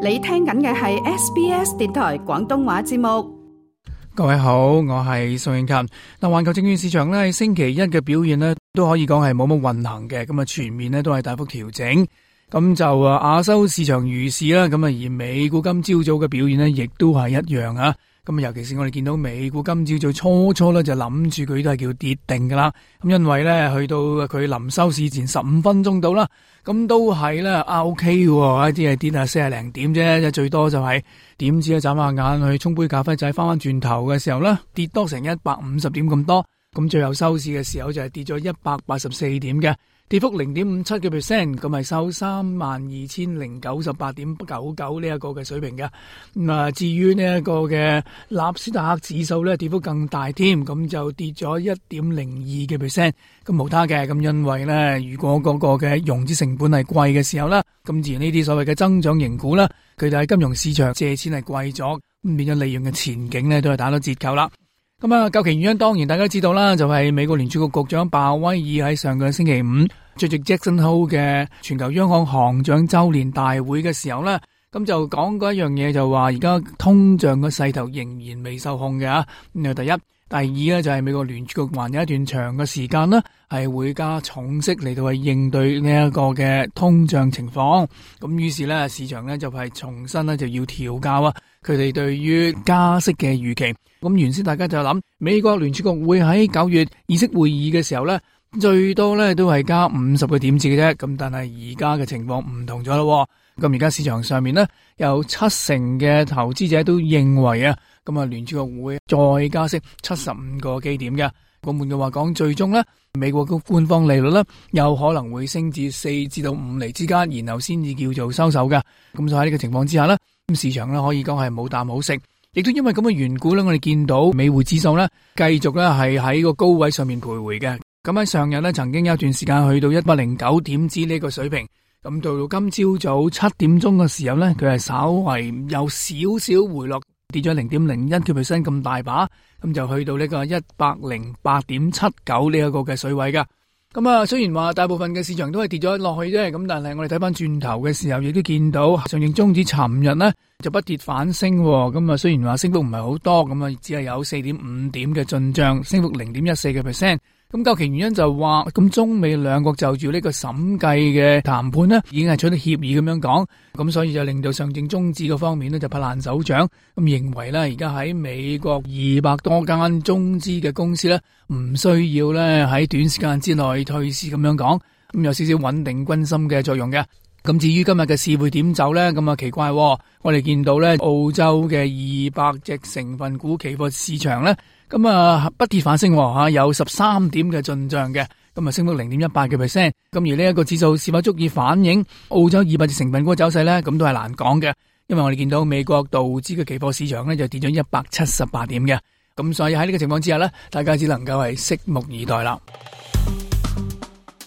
你聽緊嘅係 SBS 電台廣東話節目，各位好，我係宋慶勤。嗱，環球證券市場咧星期一嘅表現咧，都可以講係冇乜運行嘅，咁啊全面咧都係大幅調整。咁就啊，亞洲市場如是啦，咁啊而美股今朝早嘅表現咧，亦都係一樣啊。咁尤其是我哋見到美股今朝早最初初咧就諗住佢都係叫跌定噶啦，咁因為咧去到佢臨收市前十五分鐘到啦，咁都係咧啊 OK 喎，一啲係跌啊四廿零點啫，即係最多就係點知啊眨下眼去沖杯咖啡仔翻翻轉頭嘅時候咧跌多成一百五十點咁多，咁最後收市嘅時候就係跌咗一百八十四點嘅。跌幅零點五七嘅 percent，咁係收三萬二千零九十八點九九呢一個嘅水平嘅。咁啊，至於呢一個嘅納斯達克指數咧，跌幅更大添，咁就跌咗一點零二嘅 percent。咁無他嘅，咁因為咧，如果嗰個嘅融資成本係貴嘅時候咧，咁自然呢啲所謂嘅增長型股咧，佢就喺金融市場借錢係貴咗，咁變咗利潤嘅前景咧，都係打到折扣啦。咁啊、嗯，究其原因當然大家知道啦，就係、是、美國聯儲局局長鮑威爾喺上個星期五出席 Jackson Hole 嘅全球央行行長周年大會嘅時候呢。咁、嗯、就講過一樣嘢，就話而家通脹嘅勢頭仍然未受控嘅吓。咁、嗯、啊，第一，第二呢，就係美國聯儲局還有一段長嘅時間呢，係會加重息嚟到去應對呢一個嘅通脹情況。咁、嗯、於是呢，市場呢，就係、是、重新呢，就要調校啊。佢哋對於加息嘅預期，咁原先大家就諗美國聯儲局會喺九月議息會議嘅時候咧，最多咧都係加五十個點子嘅啫。咁但係而家嘅情況唔同咗咯。咁而家市場上面呢，有七成嘅投資者都認為啊，咁啊聯儲局會再加息七十五個基點嘅。咁換句話講，最終呢，美國嘅官方利率呢，有可能會升至四至到五厘之間，然後先至叫做收手嘅。咁就喺呢個情況之下呢。咁市場咧可以講係冇啖好食，亦都因為咁嘅緣故咧，我哋見到美匯指數咧繼續咧係喺個高位上面徘徊嘅。咁喺上日咧，曾經有一段時間去到一百零九點之呢個水平，咁到到今朝早七點鐘嘅時候咧，佢係稍為有少少回落，跌咗零點零一條 percent 咁大把，咁就去到呢個一百零八點七九呢一個嘅水位噶。咁啊、嗯，雖然話大部分嘅市場都係跌咗落去啫，咁但係我哋睇翻轉頭嘅時候，亦都見到上證綜指尋日呢就不跌反升喎、哦。咁、嗯、啊，雖然話升幅唔係好多，咁、嗯、啊只係有四點五點嘅進賬，升幅零點一四嘅 percent。咁究其原因就係話，咁中美兩國就住呢個審計嘅談判咧，已經係取得協議咁樣講，咁所以就令到上證中資嗰方面呢就拍爛手掌，咁認為呢而家喺美國二百多間中資嘅公司呢，唔需要呢喺短時間之內退市咁樣講，咁有少少穩定軍心嘅作用嘅。咁至於今日嘅市會點走呢？咁啊奇怪、哦，我哋見到咧澳洲嘅二百隻成分股期貨市場呢，咁、嗯、啊不跌反升嚇、啊，有十三點嘅進賬嘅，咁、嗯、啊升到零點一八嘅 percent。咁而呢一個指數是否足以反映澳洲二百隻成分股嘅走勢呢？咁、嗯、都係難講嘅，因為我哋見到美國道指嘅期貨市場呢，就跌咗一百七十八點嘅。咁、嗯、所以喺呢個情況之下呢，大家只能夠係拭目以待啦。